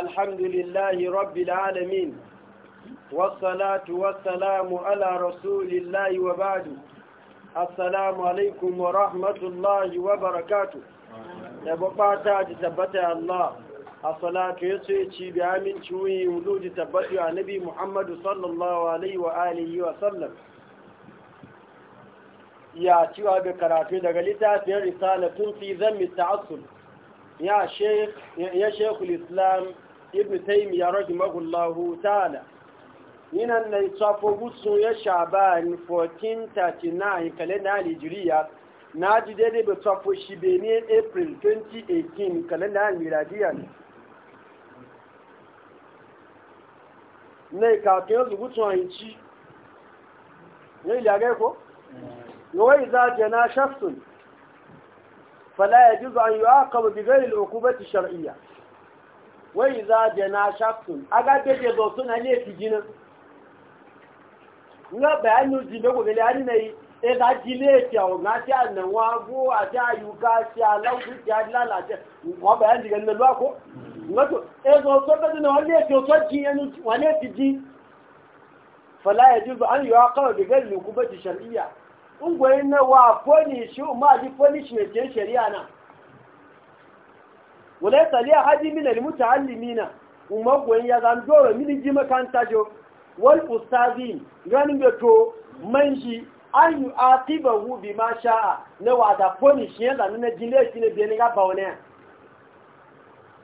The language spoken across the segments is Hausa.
الحمد لله رب العالمين والصلاة والسلام على رسول الله وبعد السلام عليكم ورحمة الله وبركاته نبقاتا تتبتع الله الصلاة يسيتي بعمل شوي ولود تبتع نبي محمد صلى الله عليه وآله وسلم ya cewa da karatu رسالة في risalatun fi يا شيخ يا شيخ الإسلام ibn taymiya rahimahullahu ta'ala yinan na tsafo gutsu ya shaban 1439 kalenda hijriya na ji daidai da tsafo shi benin april 2018 kalenda miladiya ne na ikatun yanzu gutsu a yanci ne ilagai ko? yawai za a jana shafsun fala ya ji jizo an yi aka wa bigar al'ukubar shar'iyya wai za jana shaktun aga bebe zo suna ne fi jinin nga bayanu me ko gele ani nei e da jile ti o na ti anan wa go ati ayuka ti alawu ti adla la ti o bayan diga ne lo ko nga to e zo so be no le ti o so ji enu wa le ti ji fala yajuzu an yuqa bi ghayri qubati shar'iyya ungwe na wa poni shi ma ji poni shi ne shari'a na wala sali ahadi min almutaallimina umma gwen ya zan doro min ji makanta jo wal ustazin ganin da to manji an yu atiba hu bi ma sha'a na wada punish yan da na jinde shi ne bi ga bawane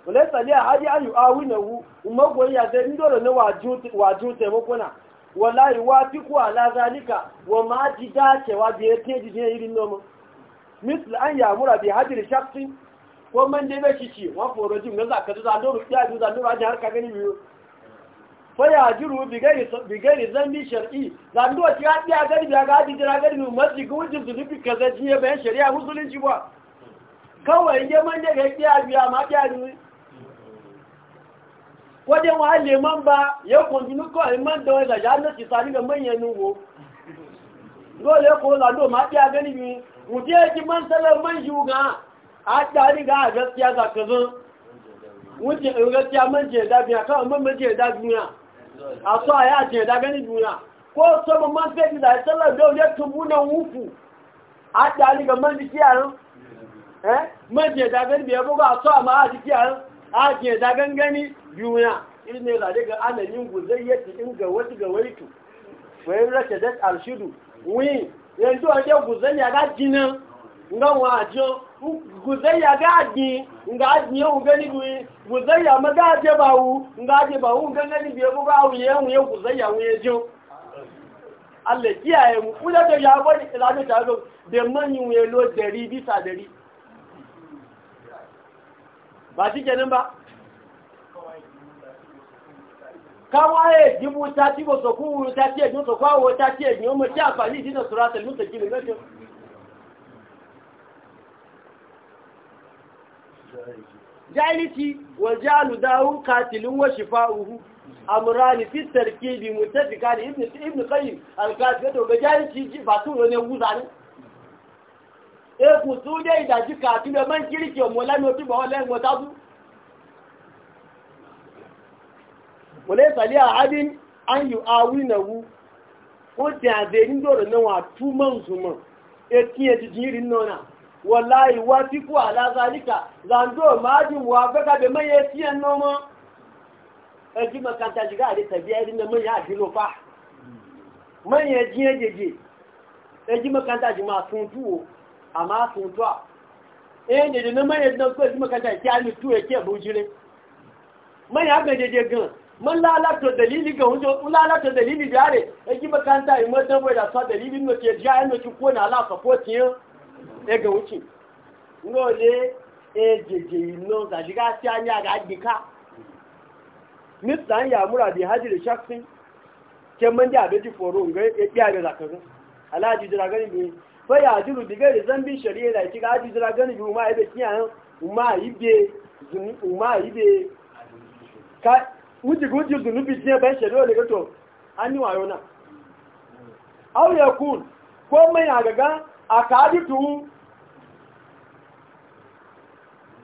wala sali ahadi an yu awina hu umma gwen ya zan doro na waju waju te mukuna wallahi wafiku ala zalika wa ma ji dacewa bi yake ji ne irin nomo misal an yamura bi hadir shaqsin ko man dai bai kici wa foro jin ga zaka da zando ru ya da zando ba har ka gani biyo fa ya jiru bi gari bi gari zambi shar'i zando ti ya biya gari biya ga ji jira gari mu masji ku wujin su bi kaza ji ya bayan shari'a musulunci ba kawai ya man da ga ya biya ma biya ni wajen wa le man ba ya kontinu ko ai man da wanda ya ci sani ga manyan nugo dole ko do ma ya gani bi mu je ji man sala man juga hatta a gaskiya za ka zo wuce gaskiya man ce da biya kawai man ce da duniya a so a ya ce gani duniya ko so man man sai da da ya tubu na wufu a riga man ji kiyaye eh man ce da gani biya buga a so a ma a ji a ce da duniya in ga wasu ga alshidu yanzu a ce guzanya ga ngan guzaiya gaji nga aji yau gani guzaiya ma bawu nga aje bawu nga biye ko bawu ye mu ye guzayya mu ye jo Allah mu kula ya bari ilaje ta da manyi ye lo bisa dari ba shi nan ba káwáyé ta tá tí ta tí ẹ̀gbọ́n sọ̀kú àwọ̀ mo jahilci wa jalu dahu katilun wa shifa'uhu amrani fi tarkibi mutafikan ibn ibn qayyim al-kafi to ga jahilci ba su ne guza ne e ku su dai da jika tun da man kirki mu la no tuba wala mu ta su wala sali ahadin an yu'awinahu ko da zai ndo da nan wa tu man zuma e tiye jirin nona wallahi wa fi ala zalika zando majin wa baka da mai yasi yan noma a ji makanta shiga a da tabiya irin da mai ya filo fa mai ya ji ya a ji makanta shi ma sun tuwo amma sun tuwa eh da da mai ya dan ko ji makanta ki ami tuwo e, ke bujire mai ya ga jeje gan man lalata dalili ga hujjo un lalata dalili jare a ji makanta in mutan bai da sa dalilin no ke jaya no ki ko e, na la ka ko tiyan ega wuce ngole ejeje ino zajiga ti anya ga dika nisan ya mura bi hajir shakfi ke man da foro nga e biya zakaru Ala gani bi diga zambi ga gani bi ebe ibe zuni ibe ka gato wayo na kun ko mai agaga akaditu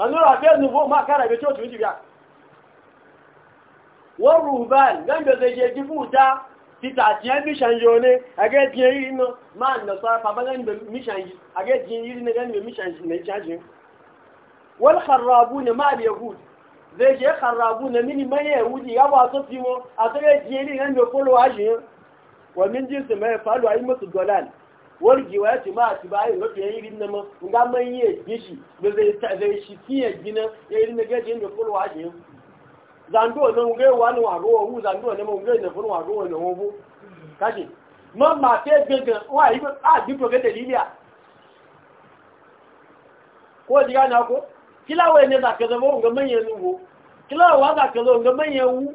manura fiye nufo ma kara bai coci wuce biya wọn ruban don da zai je gifuta tita tiye mishan yo ne a ga tiye yiri no ma na sa papa gan da mishan yi a ga tiye yiri na gan da mishan shi ne caji wal kharrabu ne ma al yahud zai je kharrabu ne mini man yahudi ya ba so timo a ga tiye yiri gan da kolo aji wa min jinsi mai falu ayi musu dolal wargewa ya ce ma a ci bayan mafi yayin rinna ma ga man yi ya shi da zai shi fiye gina ya yi rinna gajiyar da fulwa shi yin zando na mugai wani wagowa hu zando na mugai na fulwa wagowa na hobo kashi Ma ma fe gangan wa yi a duk ga daliliya ko ji gana ko kilawa ne za ka zama ga manyan nugo kilawa za ka zama ga manyan wu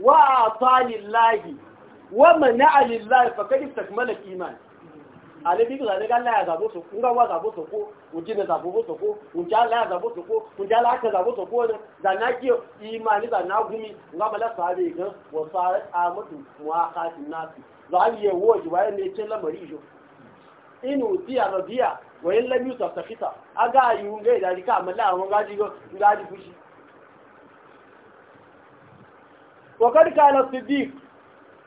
wa ata lillahi wa mana lillahi fa kadi takmala iman ale bi ga daga Allah ya zabo so kun ga wa zabo so ko uji ne zabo so ko ja Allah ya zabo so ko ja Allah ka zabo so ko da na ki imani da na gumi ga bala sahabe ga wa sarat amatu muaqatin nasi zali ya woji wa ne ce lamari jo inu ti arabia wa illa lam yusaf takhita aga yunga da dika amala wa gaji go gaji fushi وقد كان الصديق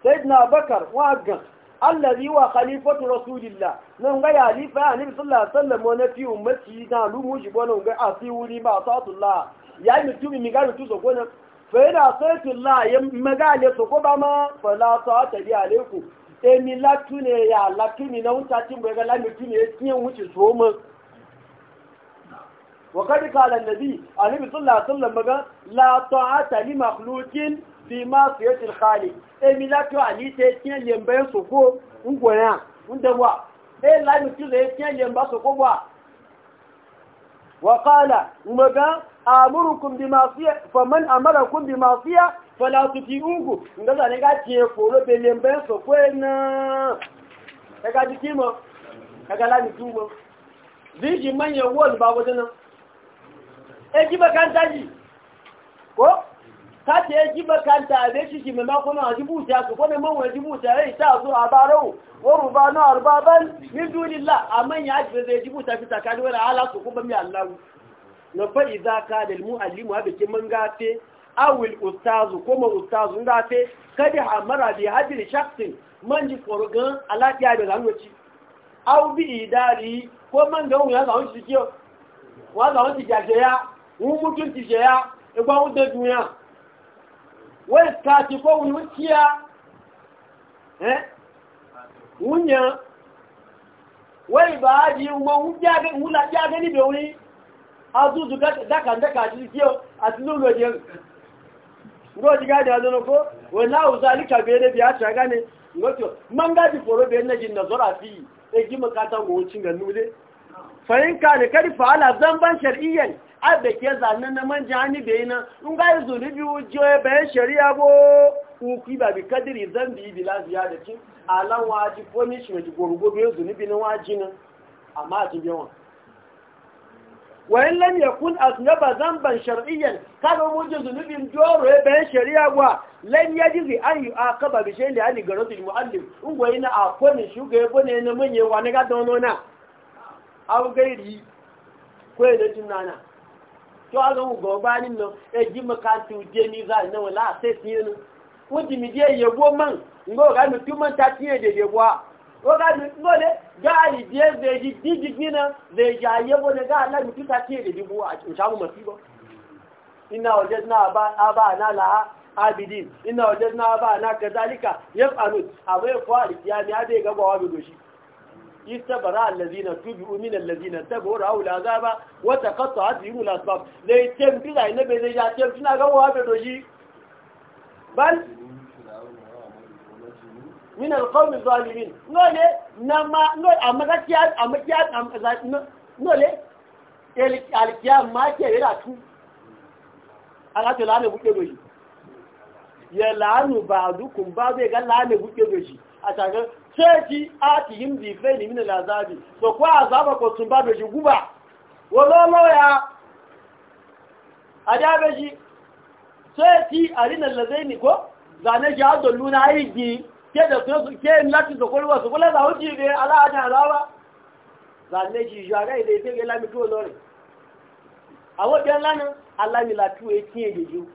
سيدنا بكر واغن الذي هو خليفة رسول الله نعم غير خليفة يعني صلى الله عليه وسلم ونفي أمتي نعلو موجب ونعم غير أصيه لي ما أصات الله يعني تبي مغالي تسوكونا فإن أصيت الله مغالي سوكوبا ما فلا صات لي عليكم إني لا تني يا latu ne na wuta cin لا ga يسني ne ya وقد قال النبي mu wa kadi kala nabi alaihi sallallahu alaihi fi ma su yatil khali e mi la to ali te tien yembe so ko ngwaya nde wa e la mi ti le tien yembe so ko wa wa qala umaga amurukum bi masiya faman amarakum bi masiya fala n ndaza ne ga tie foro lo be yembe so ko e na e ga di kimo e ga la mi tumo ziji manya wol ba wajana e ji bakanta ji ko kati ya ji makanta da shi shi mai makon a jibu ta ka kone man wani jibu ta rai ta zuwa a baro oru ba na arba ban min duni la a man ya ji zai jibu ta fi takani wani halatu kuma mai allahu na fa za ka da mu alimu a man gafe awil ustazu ko man ustazu ngate kadi a mara bi hajjin shaktin man ji kwarugan alaƙiya da zanwaci aw bi idari ko man ga wuya ga wani shi kiyo wa ga wani shi jaje ya wun mutunci jaje ya ikwa e wun ta duniya wai kati ko wani wuciya eh wunya wai ba aji mo wuja wula ja ga ni be azuzu daka da kan da ka ji kiyo atinu lo je ngo ji ga da no ko wala uzalika be ne biya ta gane ngo to man ga ji foro be na jin nazara fi e ji makata go cin ga nule fa in ka ne kadi fa ala zamban shar'iyyan abeke zanen na manje hannu bai na n ga yi zunubi wujiyo bayan shari'a bo uku ba bi kadiri zan bi bi lafiya da cin alan waji ko ni shi mai gwargwado ya zunubi na waji nan amma a cikin yawan wayan lam yakun aznaba zamban shar'iyyan kada mujin zunubin doro ya bayan shari'a gwa lan yajizi an yu'aqaba bi shay'in yani garatul mu'allim in goyi na akwani shuga ya bone na manye wa na ga dono na aw gairi ko da tunana tó a lóhun gọ̀ọ́gbá nínú ẹjí mọ́kántì òjé ní ìzáàlì náà láàṣẹ sí inú wọ́n ti mìdí èyè wó mọ́ ńgbó ọ̀gá mi tí mọ́ ta tí èdè yè wá ọ̀gá mi ńgbó lé gáàlì díẹ̀ zèjì dídì gbìnà zèjì àyẹ̀wò ní gáàlì láti tí ta abidin wa istabara allazina tubu min allazina tabu ra'u al'azaba wa taqatta'at bihim al'asbab dai tembi dai ne be ya tembi na ga wa do yi bal min al-qawm adh-dhalimin ngole nama ngole amagakiya amakiya el al-qiyam ma ke tu ala buke ya ba'dukum ba zai ga buke a tagar sai atihim bi ne min alazabi so ko azaba ko tun ba beji guba walolo ya adabe ji sai ti arina lazaini ko zane ji ado luna aigi ke da su, ke lati so ko wa so ko la hauji be a ada alawa zane ji jaga ile te la mi to lore awo de lana ala mi la tu e ti e jeju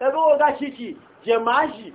ebe o ga shichi jemaji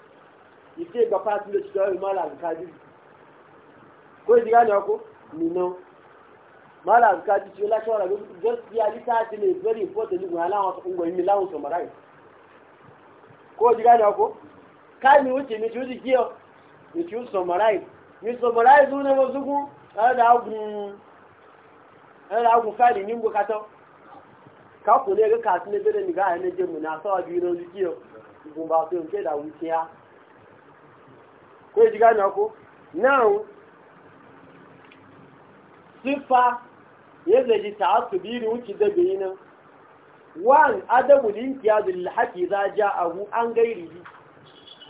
ìfẹ́ ìgbàpá tí lè ṣùgbọ́n ìmọ̀ àlàǹkájú kó ìdí gánà ọkọ nìna mọ́lá àlàǹkájú tí ó láṣọ ọ̀rọ̀ gbọ́dọ̀ sí alíta àti lè very important ìgbìmọ̀ aláwọn ọ̀gbọ̀n ìmì láwọn sọ̀mọ̀rá yìí kó ìdí gánà ọkọ káàmì ó ti mi tí ó ti gé ọ ètí ó sọ̀mọ̀rá yìí mi sọ̀mọ̀rá yìí tún lọ́wọ́ sókún ẹ̀rọ àgùn fáìlì ní gbókatọ́ káàkùn ní ẹgbẹ́ kàtúndé bẹ́rẹ̀ nìgbà ẹ̀ ko ji gane ko now sifa yadda ji ta'assubiri wuce da bayinan wan adabu linkiyadul haqi za ja'ahu an gairihi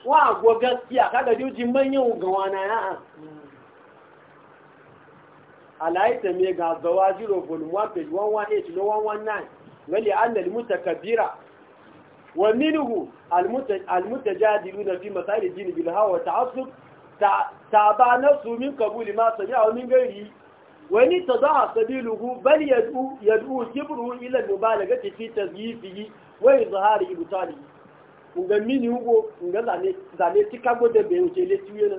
wa go gaskiya kaga juji manyan gawana ya alaita me ga zawajiro volume 1 page 118 lo 119 wali annal mutakabbira ومنه المتجادلون في مسائل الدين بالهوى والتعصب تابع نفسه من قبول ما سمعه من غيره وإن تضع سبيله بل يدعو, يدعو كبره إلى المبالغة في تزييفه وإظهار إبطاله nga mini hugo nga zane zane tikago da bai wuce le tuye na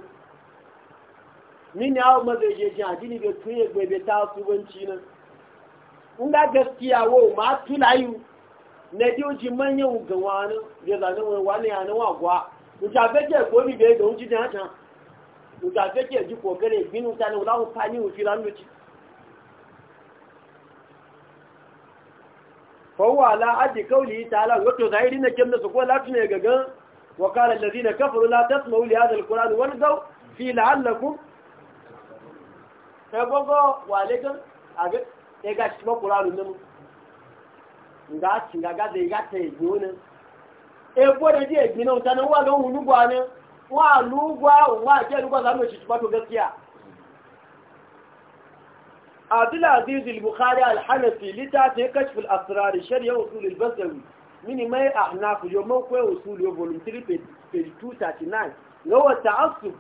mini awo ma zai je jin adini bai tuye bai bai ta subanci na nga gaskiya wo ma tulayu na ji oji manyan ugan wani ya zanen wani wani yanin wagwa ujafeke gobi da ya ga ujiji haka ujafeke ji kokare gini ta ne wula ta ni wufi lanuci fawwa la aji kauli ta ala wato zahiri na kemna su ko latu ne gagan wa kala allazina kafaru la tasma'u li hadha alquran wa nadaw fi la'allakum tabogo walegan aga e ga shi ba qur'anu namu nga cinga ga zai ga e e ta ego ne ego da ji egi na mutanen wa ga ne wa lugwa wa ke lugwa za mu ci ba gaskiya Abdul Aziz al-Bukhari al-Hanafi litafi kashf al-asrar shari'a usul al-basawi mini mai ahnaf yo ko usul yo volume 3 page 239 lawa ta'assub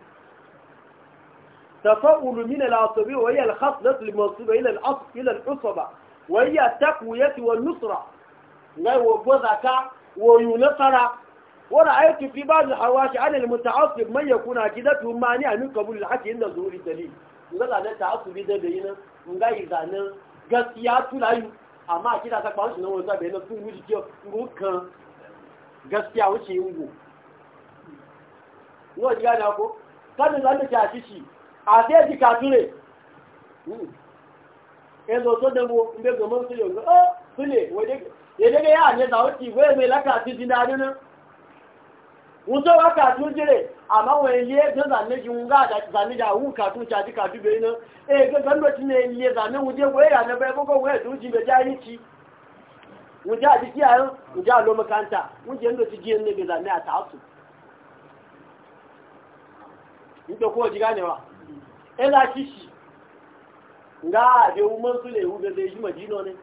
تفاؤل من العصبية وهي الخصلة المنصوبة إلى العصب إلى العصبة وهي التقوية والنصرة ngai wo gozaka wo yunasara wala ayatu fi ba'd al-hawashi 'ala al-muta'assib man yakuna kidatu mani an qabul al-haqq inda zuhuri dalil ngala da ta'assubi da bayina ngai zanan gaskiya tulayu amma kida ta kwashi nan wanda bayina sun wuce ke ngukan gaskiya wuce yungo wo diga da ko kan zan da ta shi a sai dikature hmm. ezo to da mu mbe gomon sule o ah, sule waje yẹ̀dẹ́gẹ́ yà àjẹta ó ti ìwé ìwé lákàtí ti dáadé náà wọ́n tó wákàtí ó jẹ́rẹ̀ àmáwọn ilé ẹgbẹ́ ìzànlẹ́jì ń zane àdájìzànlẹ́jà wù kàtú jàdí kàtú bẹ̀rẹ̀ náà ẹgbẹ́ gbẹ́gbẹ́ tí ní ilé ìzànlẹ́wọ̀n jẹ́ wọ́n èèyàn ẹgbẹ́ gbogbo wọ́n ẹ̀dùn jí bẹ̀já yìí ti wọ́n jẹ́ àdíkí àrùn wọ́n ti ni wa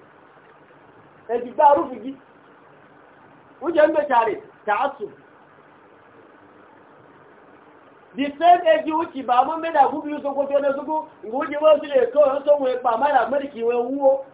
e gbá arúfù jí oúnjẹ ń bẹ̀tàrẹ̀ tààtù the same age which bàbá mẹ́ta gúbí sókó tó ẹnẹ́ sókó ìgbò oúnjẹ wọ́n sí lè kọ́ ọ̀rọ̀ sóhun ẹ̀pà mẹ́ta mẹ́rìkì wẹ wúwo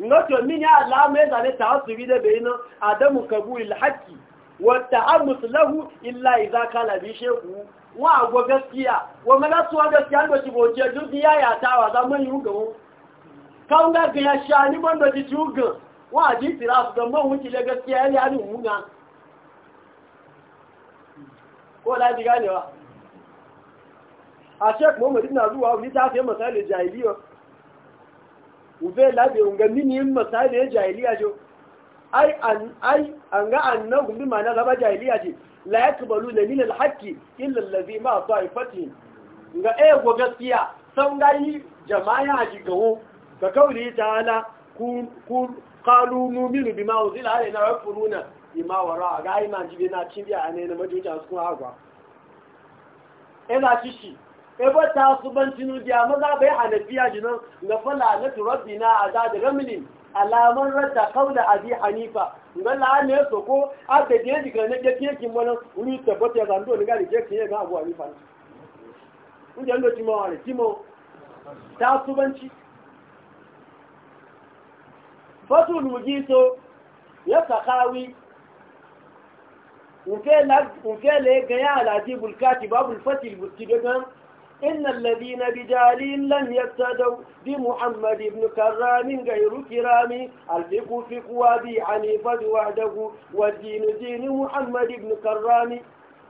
ngoto min ya Allah mai zane ta wasu bi da bayina adamu kabulil haqqi wa ta'ammus lahu illa idza kana bi shehu wa agwa gaskiya wa malatuwa gaskiya da ci boce duk ya ya tawa za mun yi gawo kan ga ga ya shani bando ji tuga wa ji tirafu da mun wuce da gaskiya ya ni muna ko da ji ganewa a shek mu mu dinna zuwa ni ta sai masalin jahiliyar ube labe unga mini yin masali ya jahiliya jo ai an ai an ga annahu bi na zaba jahiliya ce la yakbalu la min al-haqqi illa allazi ma ta'ifati ga eh go gaskiya san yi jama'a ji gawo ga kauli ta'ala ku ku qalu nu'minu bima unzila alaina wa yakfuruna bima wara ga ai ma na cin biya ne na majuja su kuma agwa ina shi ebe ta subancin ujiya maza bai hanafiya jinan ga fala na turabbi na da ramlin alaman radda kaula abi hanifa ga ne ya ko a da je diga na ke kin mana wuri tabbata ya zando ni gari ke ne ga abu hanifa da yadda kima wani timo ta subanci fatul so ya sakawi nke le ganya alaji bulkati babu fatil bulkati don إن الذين بجالين لن يبتدوا بمحمد بن كرام غير كرام الفقه فقه أبي حنيفة وحده والدين دين محمد بن كرام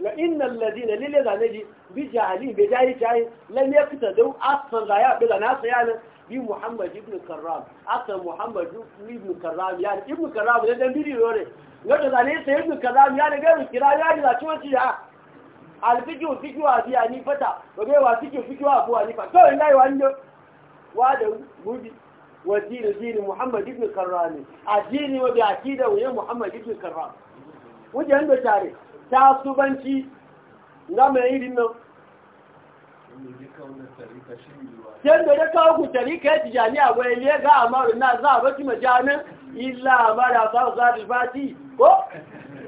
لأن الذين للي نجي بجالين بجالي جاي لن يبتدوا أصلا غياء بلا ناس يعني بمحمد بن كرام أصلا محمد بن كرام يعني ابن كرام لن لن يبتدوا لن يبتدوا لن يبتدوا لن يبتدوا لن يبتدوا لن يبتدو alfikiyu fikiyu a biya ni fata wabe wa fikiyu fikiyu a buwa ni fata kawai wa wani wa da gudu wa dini dini muhammad ibn karrani a dini wa bi akida wa muhammad ibn karrani wuje hando tare ta subanci ga mai irin nan Yan da da kawo ku tarika ya tijani a gwai ne ga amaru na za a baki majanin illa mara sa za ko?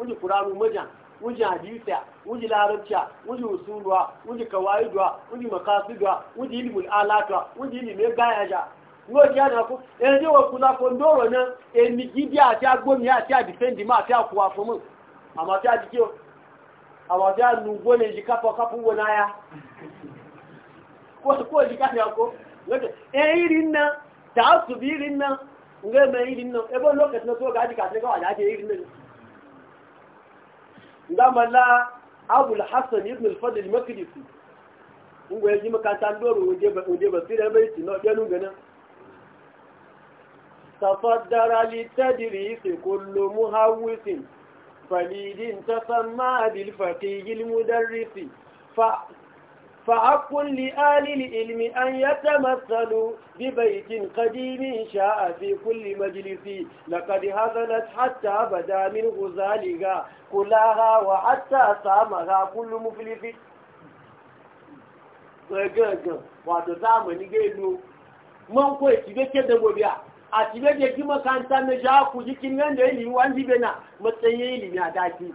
wuji kuranu majan wuji hadisa wuji larabciya wuji usulwa wuji kawaidwa wuji makasidwa wuji ilimul alatwa wuji ilimul gayaja ngo ti ana ko en eh, je wo kula ko ndoro na emi eh, gidi àti agbomi àti adifendi ma àti akuwa fún mu ama ti adike o ama ti anu gbo ne ji kapo kapo wo na ya ko ko ji ka ya ko ngote e iri na ta su bi iri na nge me iri na e bo lokati na to ga ji ka se ga ja je iri na gama la abul hassan ibn al-fadl makdisi in goye ji makanta doro waje ba waje ba sira bai ci no ganu gana tafaddara li tadris kullu muhawwisin falidin tasamma bil faqih al mudarris fa فحق لآل العلم أن يتمثلوا ببيت قديم شاء في كل مجلس لقد هذلت حتى بدا من غزالها كلها وحتى صامها كل مفلس wato zamani ga ilo man kuwa cibeke da gobe a cibeke ki makanta na ja ku jikin nan da wanzu bena matsayin ilimi a daki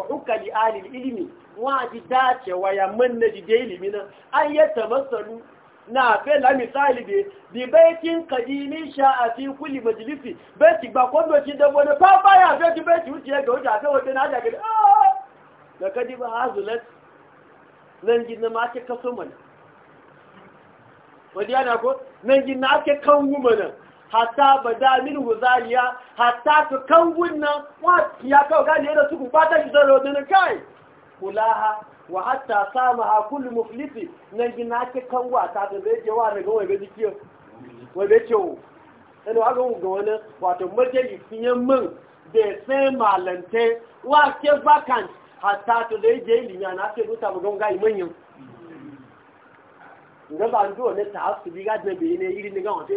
bi alil ilimi wa ji dacewa ya manna ji da ilimi na an yi tamasalu na fela misali da bi baikin kadimi sha'afi kulli majalisi baiti ba kwando shi da na fafa ya fi ji baiti wuce ga wuce a kan wajen hajji gari da kadi ba hazulat nan gina ma ake kaso mana wadda yana ko nan gina ake kan mana hatta ba da min huzariya hatta ta kan gunna ya kawo gani yadda su kubata shi zai rodin kai kulaha wa hatta sama ha kullu muflisi na gina ke kan wata ta zai je wa daga wai bai kiyo wai bai ciwo ɗan da ga ga wani wato majali yan min da sai malante wa ke vacant hatta ta zai je ilimi na ce ruta bugan gai manyan nga ba ndo ne ta asibi ga jebe ne iri ne ga wato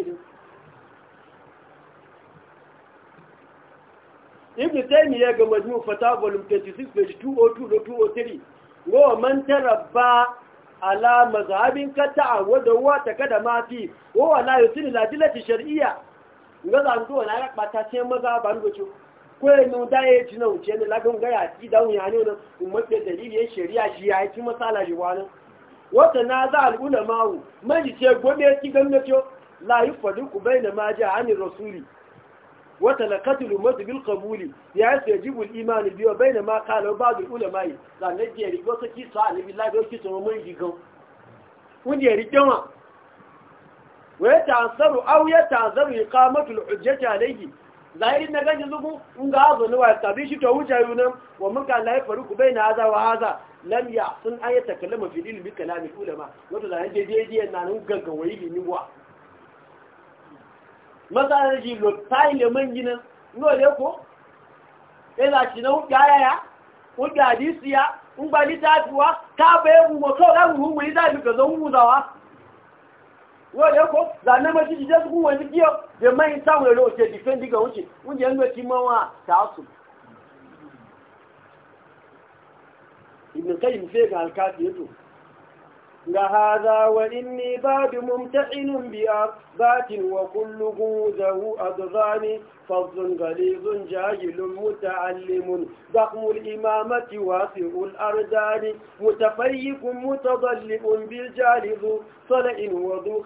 ibn taymiya ga majmu fata volume 36 page 202 da 203 wa man tarabba ala mazhabin ka wadda wa ta kada ma fi wa wala yusil la dilati shar'iyya ga zan do na ya bata ce maza ban gocho ko ne da ya ji na wuce ne lagun ga ya ci da wuya ne nan umma da dalili shari'a shi ya ci masala shi wani wata na za al ulama mu ji ce gobe ki gamnato la yufadu ku baina ma ja ani rasuli وتلقت الأمة بالقبول يعني يجب الإيمان به وبين ما قاله بعض العلماء لأن يجري وسكي ta بالله وكي سمومين جيكم ونجري جمع ويتعذر أو يتعذر إقامة الحجة عليه ظاهر na ganin zugu in ga azo ne wa tabi shi to wuce yunan wa muka la yafaru ku baina hada wa hada lam ya sun ayata kalama fi ilmi kalami ulama wato da yaje je je na nan gaggawa ilmi wa masarar ji lo tayi le man gina no le ko e la ti na u ya u ga di si ya u ba ni ta tuwa ka mu mo ga mu da bi ko zo mu da wa no le ko za na ma ji su ku wani kiyo de mai ta we lo ke defend ga wuce un je ngo ti wa ta su ibn qayyim ga yato ga haza wadin ne babu mumtacinin biya batin wa kullugun zahu a zuzani fazzun gali zun jahilun muta'allimun zakmul imamati wasu ul'ardani mutafayyikun mutazalli'un bil jalizu sana'in wazo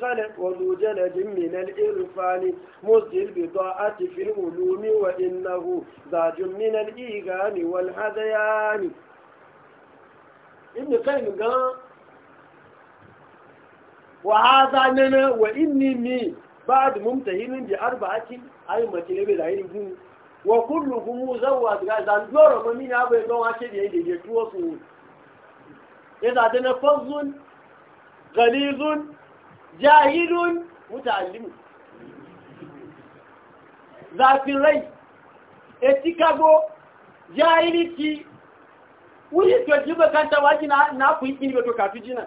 janajin minal irfani musil bi ta'ati fil ulumi wa innahu zajin minal igani wal hadayani inda kai gan wa haza nana wa inni ni ba'd mumtahinin bi arba'ati ay matile be zahiri gun wa kulluhum zawad ga zan doro ma min abai don wace da yake je tuwo su idza dana fazun ghalizun jahilun muta'allim zafin rai etikago jahiliti wuri to jiba kanta waji na na ku yi ba to kafi jinan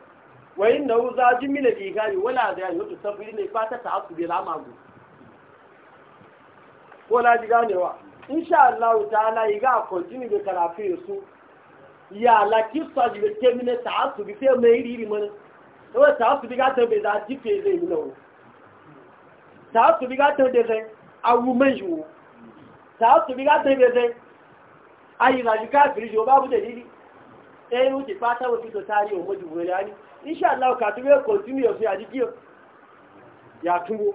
wayin na wuza jin mina da gari wala da yayi wata safiri ne fata ta asu bai lama go ko la ji ganewa insha Allah ta'ala yi ga continue da karafi su ya la ki sa ji ke mina ta asu bi sai mai riri mana to ta asu bi ga ta bai da ji fe zai mina wo ta asu bi ga ta da zai awu mai ju ta asu bi ga ta da zai ayi la ji ka firi jo babu dalili eh wuce fata wuce to tari o mu ji gori ani iṣẹ́ aláwọ̀ká tó rẹ̀ kọ̀tínú ọ̀sẹ̀ àdíkíọ̀ yàtúnwó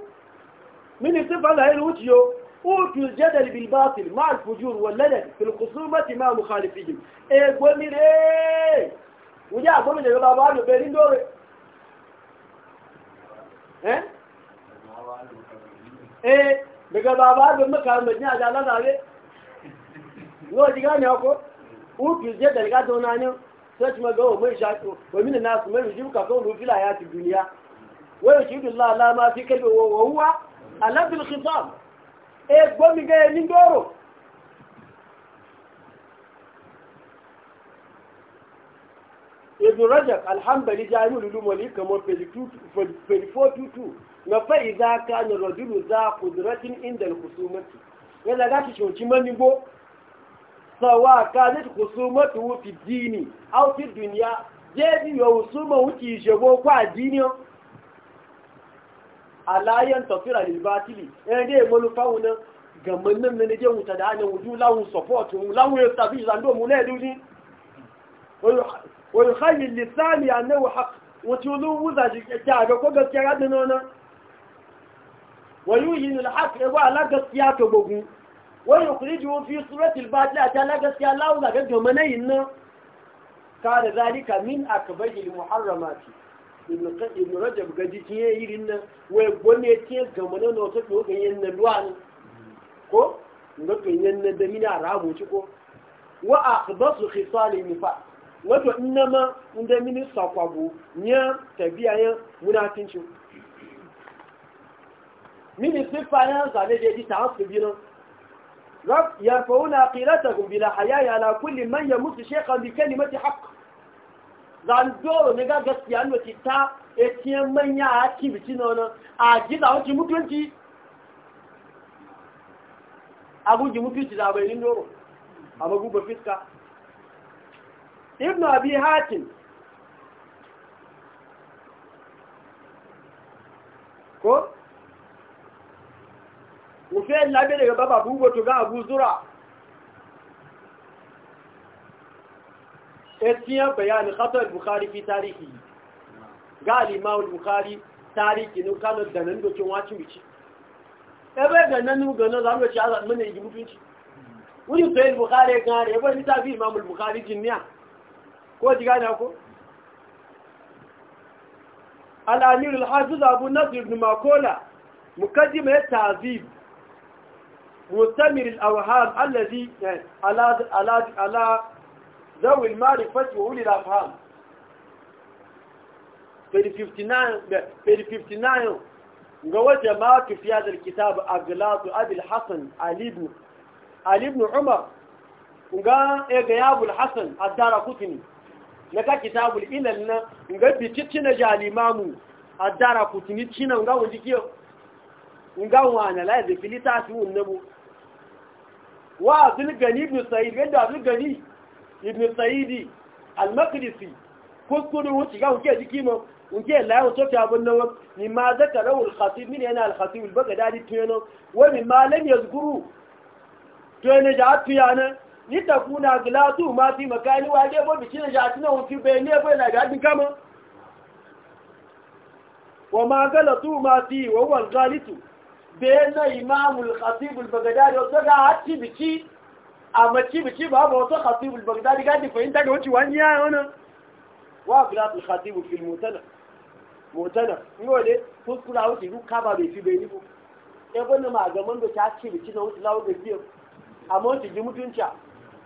mínísítì fàlà ìlú ti yóò óòtù jẹ́dẹ̀lì bilbatil máa fojú máa mú kàlìfìjì egbomire wùjẹ́ àgbómìnà yóò bá lò bẹ̀rí lóore ẹ́ bẹ̀gẹ̀ bàbá lò ti ní ọkọ̀ sai ma gawo mai shaƙo wa min nasu mai rujibu ka kawo fil hayati duniya wa yashidu Allah la ma fi kalbi wa huwa ala bil khitam e gomi ga ni doro ibn rajab alhambali jami'ul ulum wal hikam 4422 na fa idza kana rajulu za qudratin inda al khusumati yana ga shi shi man go sawa kanit khusumatu fi dini aw fi dunya jeji yo husuma wuki shego kwa dini alayan tafira lil batili eh dai mulu fauna wuta da nan wuju lahu support wu lahu yastabi zando mu ne duji e wa yukhayyil lisani annahu ta ga wani kuriji wofi suratul ba ta na gaskiya lawu zaga domanayin nan ka da zalika min akbari muharramati ibn rajab ga jikin ya yi rin nan wai gwamnati gamana na wata dogon yin na duwa ne ko dogon yin na damina rabu ci ko wa a su ba akhbasu khisali nifa wato inna ma inda mini sakwabo nya tabiya ya munafincin mini sifa ya zane da ji ta hasu bi nan يرفعون عقيلتهم بلا حياء على كل من يمس شيخا بكلمة حق zan doro ne ga gaskiya ne ci ta etiyan manya a ci bici nono a wuce mutunci a guji mutunci da bai nin doro a maguba fiska ko fẹ́ lábẹ́ lè bábà búgbò tó gáà bú zúra ẹtíyàn pẹ̀yà ní kátọ̀ ìbùkárí fi tàríkì gáàlì máa olùbùkárí tàríkì ní kánà dẹ̀nà ní gànà wọ́n yìí pẹ̀lú ìbùkárí ẹgbẹ́ abu nasir ibn makola mukaddima ya tazib مستمر الأوهام الذي على على على ذوي المعرفة وأولي الأفهام في 59 في 59 وجماعة في هذا الكتاب أغلاط أبي الحسن علي بن علي بن عمر وقال إيه أبو الحسن الدار قطني لك كتاب الإلل وقال بتتنا جاء الإمام الدار قطني تشنا وقال وجيكيو وقال وانا لا يزي في لتعسون نبو wa abdul gani ibn sa'id yadda abdul gani ibn sa'id al-maqdisi kuskuru wuce ga kuke jiki mu kuke lawo to ta abun nan ni ma zakara al khatib min yana al khatib al bagdadi tuno wa min ma lam yazkuru tuno ja tuyana ni ta kuna glasu ma fi makani wa je bo bikin ja tuno wa fi bayne bo na ga din kama wa ma galatu ma fi wa huwa al ghalitu bena imamul khatibul bagdadi wato ga hatti biki a maci biki babu wato khatibul bagdadi ga di fahimta ga wuce wani ya wani wa filatul khatibul fil mutana mutana yau ne kuskura wuce duk kaba bai fi bai nufo ya gwani ma ga mando ta ci biki na wuce lawo da biyar? amma wuce ji mutunca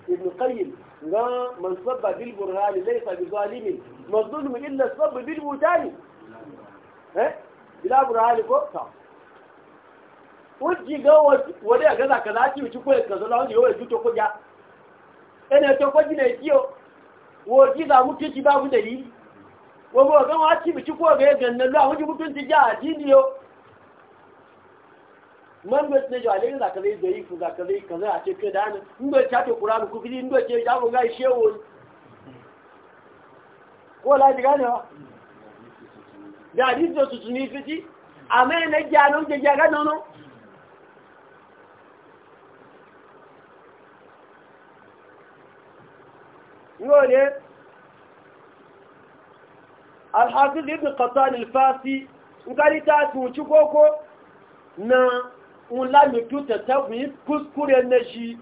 ibn qayyim ga man sabba bil burhani laysa bi zalimin mazlumun illa sabba bil mutani eh bila burhani ko ta wọ́n ga wọ́n yà gaza kaza ti ìtú kó ẹ̀kọ́ sọ́lá ọ̀nà yóò tó kó ẹni ẹ̀tọ́ kó jìnà ìtí o wọ́n jí sàmú kí ti bá fún tẹ̀lé gbogbo ọ̀gá wọn ti ìtú kó ẹ̀kọ́ ẹ̀gẹ̀ nẹ̀lú àwọn jù tó ti já àti ní o wọ́n gbé tí a tó kura nù kúkiri ńgbé tí a fún يقول الحافظ ابن قطان الفاسي قال تاتو تشوكوكو نا ولم تتتوي كسكور النشي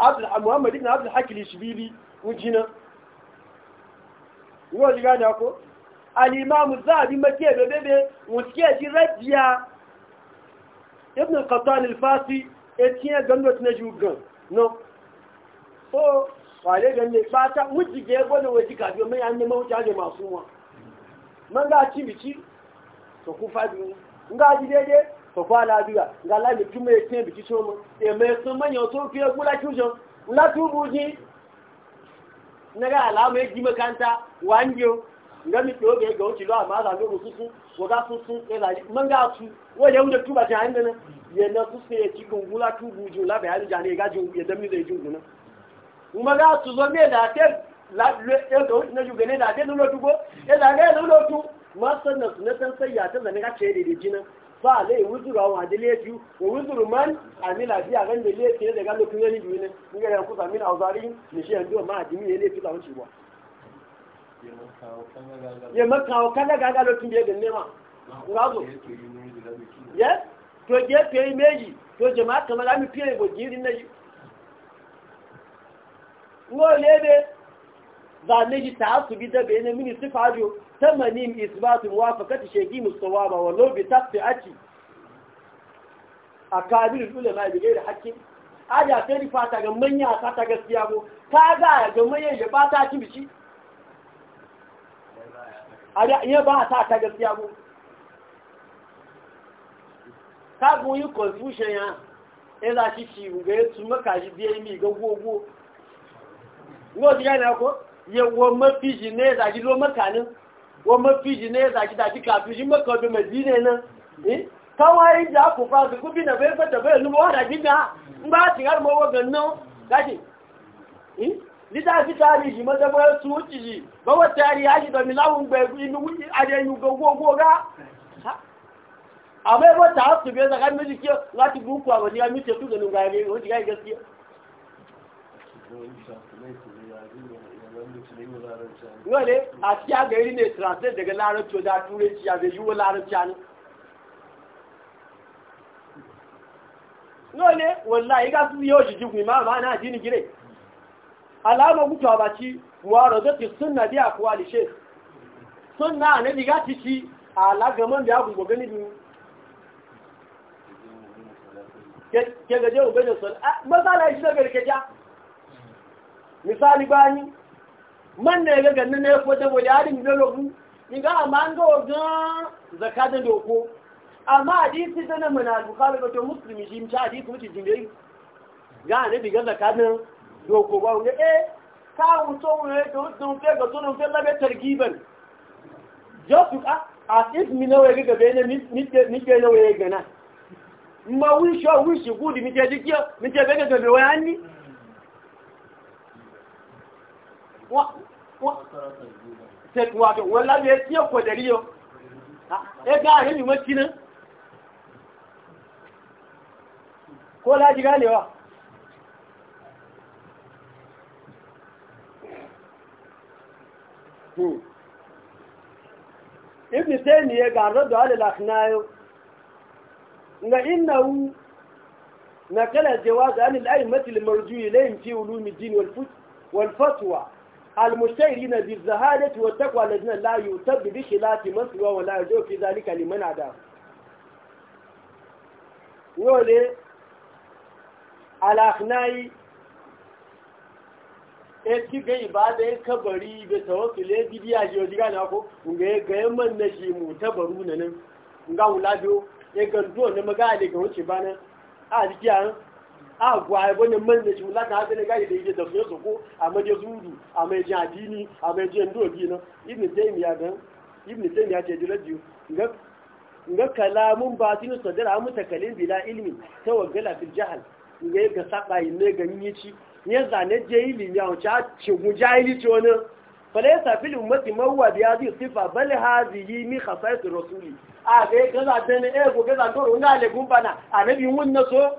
عبد محمد بن عبد الحكي الشبيبي وجينا يقول غاني اكو الامام الذهبي مكيه بيبي وسكيه دي رجيا ابن قطان الفاسي اتيه غندوت نجوغان نو so wale da ne fata wuji ga gwada waje kafi mai an nema wuce aje masu wa man ga ci bici to ku fadi nga ji dede to kwa la biya nga la ni tume tin bici so mo e me sun manyo to fi gula kujo la tu buji naga ala me ji makanta wanjo nga mi tobe ga ga wuce lo amma za lo rususu wa ga susu e da man ga su wa da wuce tuba ta handa na yana susu ya ci gungula tu buji la bayani jani ga ju ya dami zai ju na kuma za su zo na shugane da da na su na san sayya ta zane ka ce da jinan ba zai wuzuru wa wuzuru man a ran da daga lokacin biyu ne in ne shi yanzu ma ya wuce ba ya gaga lokacin da ma yes to je meji to je kamar ami pe na yi wọ́n lébe zàmẹ́jì tààtù bí dábẹ̀ ẹni mini sífàájú tẹ́mẹ̀ní ìsìbátù wá fàkàtì ṣègí mùsùlùmá wà lóbi tàbí àti a kabirin ulama da gairi aja sai ni fata ga manya ta ta gaskiya ko ka ga ga manya ya fata kin bici aja ya ba ta ta gaskiya ko ka go yi confusion ya ila shi shi ga su maka shi biye mi ga gogo ngo ti gane ko ye wo ma ne da ji makanin ma fiji ne da maka na eh kawai da ku fa na bai fata bai lu wa da ji ga ba ti ga mo wo gaji fi tari ma da su wuci ba wa tari ya ji da milawun inu wuci a da yu go go ga ba ta su bai zaka miji ke lati buku wani ya mi tu da lungaye ne wani gaskiya Nole, a ciya gari ne translate daga larabci da turanci a bai yiwu larabci ne. Nole, wallahi ga su yau shi jikin ma ma na jini gire. Alama a ba ci, wa rozati sunna biya kuwa lishe. Sunna na diga ci ci, a lagaman da ya gungo gani biyu. Ke gaje ubejin sun, maza na ishe gargajiya. misali bani man da ya ga ganin na ya fota wani harin da lobu ni amma an ga wajen zaka da doko amma hadisi da na mana bukari ga to musulmi shi mta hadisi mutum jinde ga ne diga zaka da doko ba wani eh ka wuto ne to wuce fe ga sunan fe labe targiban josu ka as if mi nawa ga gabe ne mi ke nawa ya gana ma wishi wish good mi ke dikiya mi ke ga gabe wani wato wala ne tiyo ko dariyo e ga hin mati na. ko la ji ganewa hmm. ibn sayni ya ga radu ala lakhnayo ga innahu نقل الجواز عن الأئمة المرجو إليهم في علوم wal والفتوى المشتهرين بالزهادة والتقوى الذين لا يؤتب بخلاف مصر ولا يرجو في ذلك لمن عدا ولي الأخناي eti ga ibada ya kabari da tawakkule bidiya ji wajiga na ko ga ga yamman na shi mu tabaru nan ga wulajo ya ne da ga wuce bana a jiya a gwaye wani man da shi laka hada ne gaji da yake da fiye soko a maje zudu a mai jin adini a mai jin dobi na ibn taymiya dan ibn taymiya ce jiraji ga ga kalamun batinu sadara mutakallim bila ilmi tawaggala fil jahl ga saba saka ne ga nici ne zane jahili ya wuce ce mu jahili ce wani falaisa fil ummati mawwa bi hadhihi sifa bal hadhihi min khasa'is rasuli a ga ga zane eh go ga zan doro na a gumbana annabi mun na so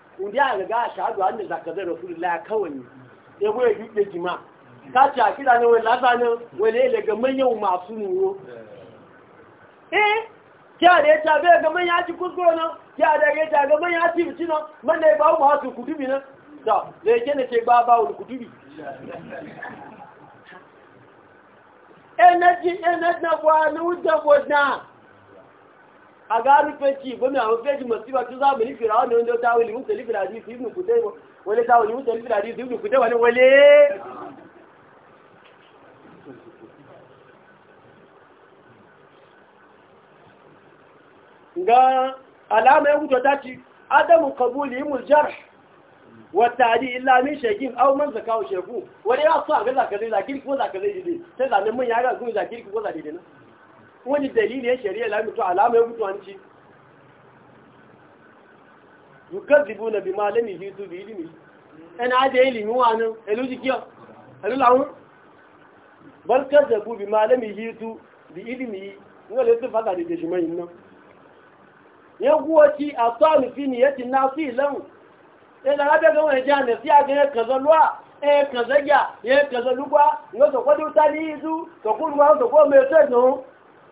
wanda ya ga ga shahadu an da zaka zai rasulullahi kawai ya goye dike jima ta ce akida ne wani labanin wani daga manyan masu nuro eh ki a da ya ta bai ga manya ci kuskure nan a da ya ta ga manya ci bici nan manna ya bawo masu kudubi nan da da yake ne ce ba bawo kudubi energy energy na kwa ni wuce na a gani feci ti a mafeci masifa tun zamani fira wanda wanda ta wuli mutu lifi da hadisi ibn kutai wani ta di mutu lifi da hadisi ibn kutai wani wale ga alama ya gudu ta ti adamu qabuli mu jarh wa ta'di illa min shekin aw man zakaw zaka wa la sa'a ya so a ga zaka zai zakirki ko zaka zai dide sai zanen mun ya ga gun za kin ko za de de na wani dalili ya shari'a la mutu alama ya mutu hanci yukazibu na bi malami shi su bi ilimi ana aje ilimi wani eluji kiyo elulawun bal kazabu bi malami shi su bi ilimi nga le su fata da jeshima yin nan ya kuwa ci a sami fi ni yati na fi lan ya na rabe ga wani jihar da siya ga ya kaza luwa ya kaza ya ya kaza lugwa nga sokwado ta ni izu sokwado ma sokwado mai sai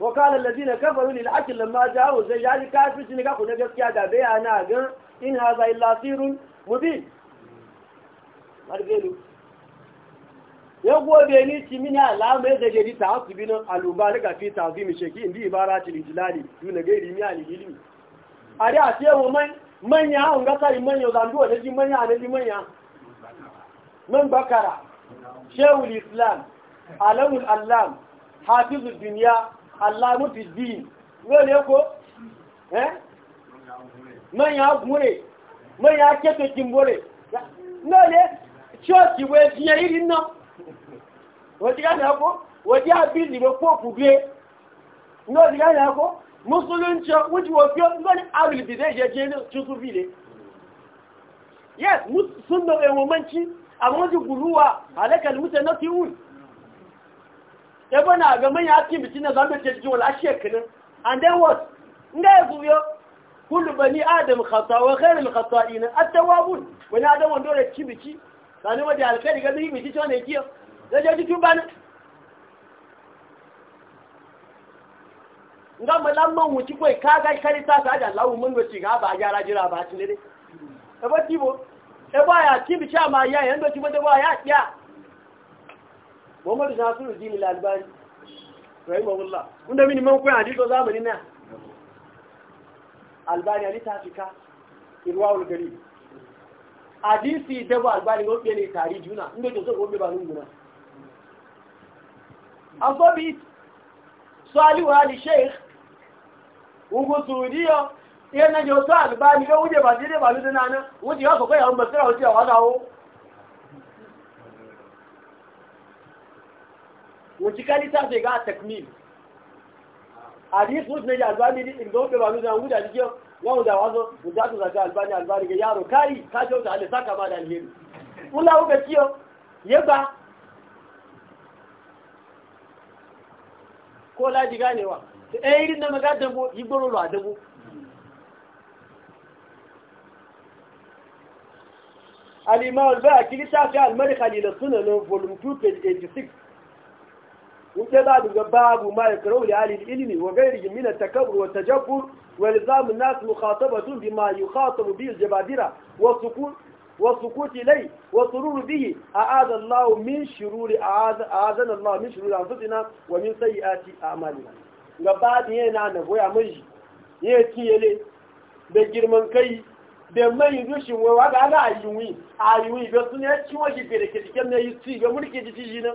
wọ́n ká lè lèzí na kẹfà rí ní láti lè máa jáwò zai yá ní káfí sí gaskiya da bẹ́ẹ̀ ana gan in zai lafirun mudi margelu ya gobe ni ti mini alamu ya zai ta hafi bi na alubar da kafi ta hafi mi sheki indi ibara ti rijilari nuna a rí a ti yẹ wọ manya ahu n gasari manya zandu wa neji manya a neji manya man bakara shehu islam alamun allam hafi zubin alamu fi din lóòlẹ́ kó mẹ́yìn agúnrè akẹ́kẹ́ kí n bórè ṣọ́ọ̀tì wẹ́ fi yẹ náà wọ́n ti gáyà kó àbílì wọ́n pòpù gbé lóò ti gáyà mùsùlùmí ṣọ wọ́n ti wọ́n fi lóòlẹ́ àrùlùbì lẹ́yìn jẹ́ tuntun fi lè yes sun da ẹ̀wọ̀n mọ́ńkí àwọn ebe na ga manya ake biki na zambe ce jikin wala ashe kinin and then what nga ya e guyo kullu bani adam khata wa khairul khata'ina at-tawwabun wani adam wanda ya ci biki sani wadi alkhairi ga zai biki cewa ne kiyo da je jikin bana nga malamman wuci ka ga kari ta ta da lawu mun ga shiga ba gyara jira ba ci ne dai ebe tibo ba ya ci biki ma ya yanda ci ba da ba ya ya muhammadu nasiru dini lalbani rahimahullah wanda mini man kuwa hadiso zamani na albani ali ta fika irwa ulgari hadisi dabo albani gobe ne tari juna inda ke so gobe ba nunguna afobit salihu ali sheikh ugu suriya iya na josa albani ga wuje ba zai da balu dana na wuje ya so kai an basira wuce wa dawo wuci kalita ce ga a takmil hadis ne da albani ne ga wanda ba nuna wuda guda jikin wa da wazo da to zaka albani albani ga yaro kari ka ce wata halitta ma da alheri kula ku ciyo ya yaba ko laji ganewa eh irin na magadan yi yiboro lo adabu al-imam al-baqi fi al-malik al-sunan volume 2 page 86 sai za ga babu ma ya karau da alil ilimi wa gairi min ta takabbur wa tajabbur wa ilzam an-nas mukhatabatun bima yukhatabu bi al-jabadira wa sukun والسكوت إليه والسرور به أعاذ الله من شرور أعاذنا الله من شرور أنفسنا ومن سيئات أعمالنا gaba da yana na goya mai ya kiyele da girman kai da mai rushin wawa ga ana ayyuwi ayyuwi ga sun ya ci shi fere ke cikin na yi ci ga mulki ji ci na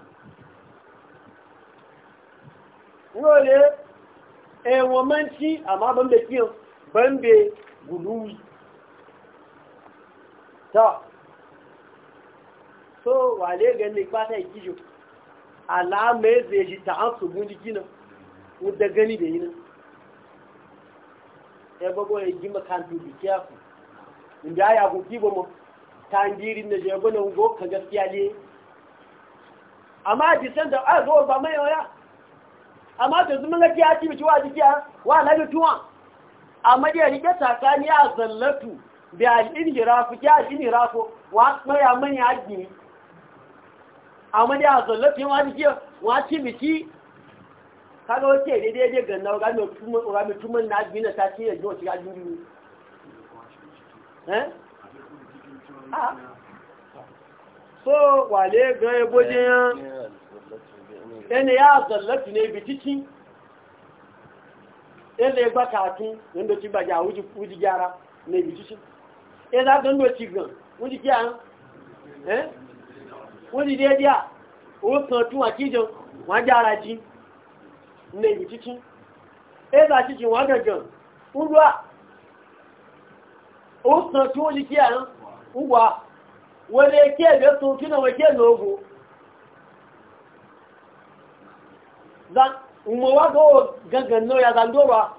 wole ẹ̀wọ̀n e, mọ́ntí àmá bọ́m̀bẹ̀ kíyàn bọ́m̀bẹ̀ gùlúwì tọ́ so wà lè gẹ̀ẹ́lẹ̀ pátá ìkíjò aláàmẹ́ẹ̀zẹ̀ èjì tàán ṣùgbọ́n jí kínà ó dẹ̀gẹ́ni dẹ̀ yínà ẹgbọ́gbọ́ èjì mọ́kàntù bí kí àkù ìgbà ayàkù kí gbọmọ tàǹdìrì nà jẹ́ gbọ́nà ń gọ́ amma da zuma na kiya ci biciwa jikiya wa na bituwa amma da rike tsakani a zallatu da al'in jirafu kiya al'in jirafu wa maya mani a amma da a zallatu wa jikiya wa ci biki kaga wace da ganna wa gami rami tumin na ajiyi na ta ce yanzu wace ga jiri eh? ah. so wale ga yabo jiyan ene ya zallatu ne bitiki ele gba katun ndo ti gbaja uji uji gyara ne bitiki e da ndo ti gan uji kya eh uji de dia o kan tun akijo wa ibi ji ne bitiki e da ti ji wa gangan urwa o kan tun uji kya urwa wele ke be zan umarwa ga gangan nauya zan dora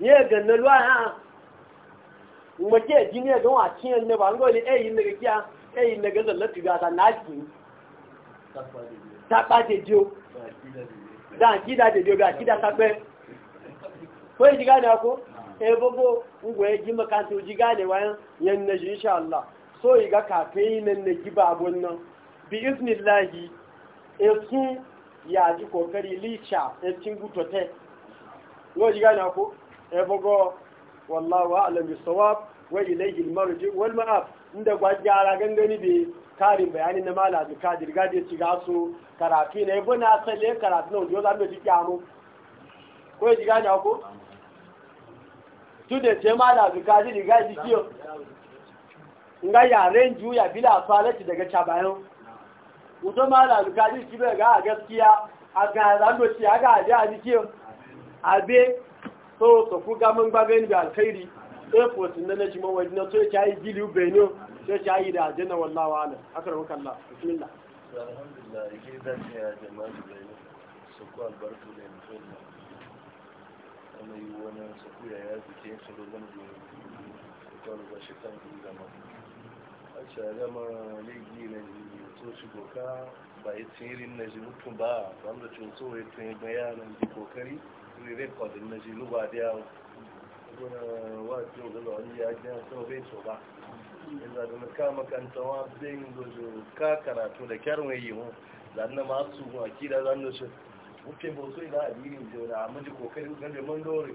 ya ganna ruwa ya umarke jini ya don a cinyar ne ba an gole ɗaya e yin daga kiya ɗaya yin daga zallatu ga ta naki ta ɓace jiyo da kida da jiyo ga da ta ɓe ko yi jiga ne ko e, e bobo ngwa e ya ji ma kan makanta jiga ne wayan yan na ji insha Allah so yi ga kafin nan na giba abun nan bi iznillahi e sun ya ji kokari licha ya cingu tote yau ji gane ku ya e bugo wallahu a'lam bisawab wa ilayhi almarji wal ma'ab inda gwa gyara gangani be karin bayani na mala da kadir gade ci gasu karafi ne bo na sale karatu no yau zamu ji kyamu ko ji gane ku tude je mala da kadir gade kiyo nga ya renju ya bila falati daga cabayon mutum ma da alkali shi bai ga gaskiya a ga zandoci a ga aje a jikin abe so so ku gamin gbagayin da alkhairi airport na na jiman wajen na sai ta yi benin sai ta yi da ajiyar wallawa ala akar maka Allah bismillah alhamdulillah ke da ya su ku albarku da wani wani ku ya yi zikin su da zama benin su da ma. a ma ligi na to shi goka ba ya tsirin na ji mutum ba wanda cinso ya tsaye bayanan ji kokari zai rekodin na ji ba da yawo guna wasu yau gaza wani ya gina sau bai so ba yanzu da na kama kantawa zai yin dojo ka karatu da kyar mai yi mu zanna masu wakila zanna shi mutum ba so ila adini jiyo na amma ji kokari mun dore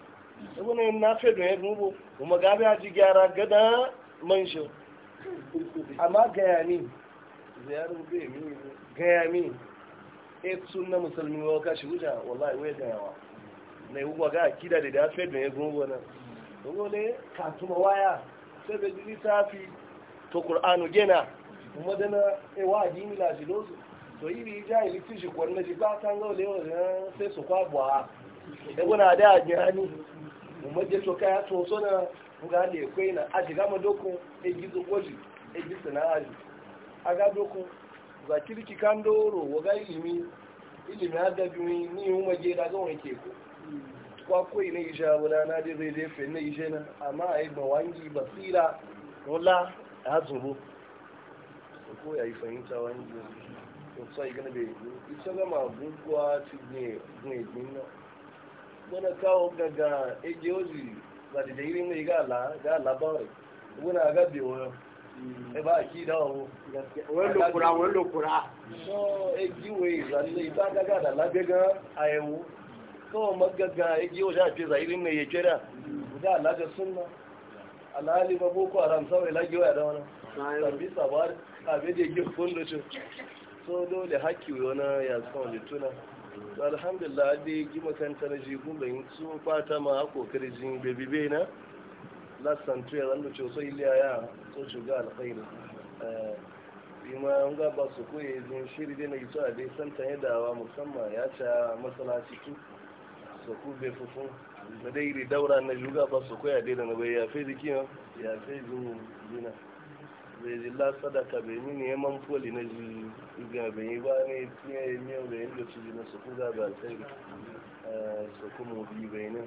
saboda yin na fe don yadda mubu kuma gabi a ji gyara gada man shi amma gaya ni ziyarar bai mi gaya mi e sun na musulmi wa ka shi wuta wallahi wai gaya wa na yi wuwa ga akida da da fe don yadda mubu nan kuma ne ka tuma waya sai da ji littafi to qur'anu gena kuma dana e wa dini la shi losu to yi bi ja iliti shi kwanna ji ba kan ga lewa sai su kwabwa e gona da ajani umarje to kaya to sona ga le kwai na aji gama doko e gizo na aji aga doko za kirki kan ilimi ilimi adabi ni umarje da ga wani teku kwa kwai na isha wala na dai zai jefe na ishe na amma ai ba wangi basira wala ya zubo ya yi fahimta wangi to sai gana bai yi ita gama gugwa ci ne ne dinna ka kawo gaga eji ozi ba da jairin ga ala ga ala bawai wani aga bi e ba ki da wo wani lokura kura. lokura so eji wai zanne gaga da labe ga kawo magaga eji ozi a ce zairin mai ya kira ga ala sunna boko haram da wani sabbi sabar abin da ya gifin da so dole haƙƙi wani ya tsawon to alhamdulillah dai gima kanta na ji kun bayin sun fata ma kokari jin bebibe na last tuya zan da ce so iliya ya so shiga alkhairu bima eh, ga ba su koye jin shiri dai na yi a dai santa ya dawa musamman ya ca masalaci tu su ku bai fufu. da dai daura na juga ba su koya dai da na bai ya fi jikin ya fi jin jina zai ji sadaka bai nuna ya manfoli na ji ga bai ba ne tiye ne bai inda ci na suku kuga ba sai eh, su kuma bi bai ne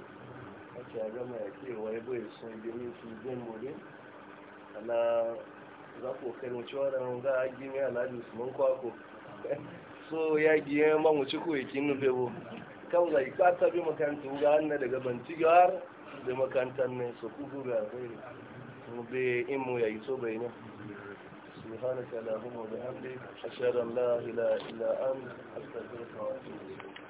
ake a gama ya ke wai bai sun bi su zai mure ala za ku kai mu ci wannan ga a ne alhaji man kwako so ya gi ya man mu ci ko nufe bu kan zai ikata bi makanta ga anna daga bantigar da makantan ne su ga zai بإمو يا يسوبينا سبحانك اللهم وبحمدك أشهد أن لا إله إلا أنت أستغفرك وأتوب إليك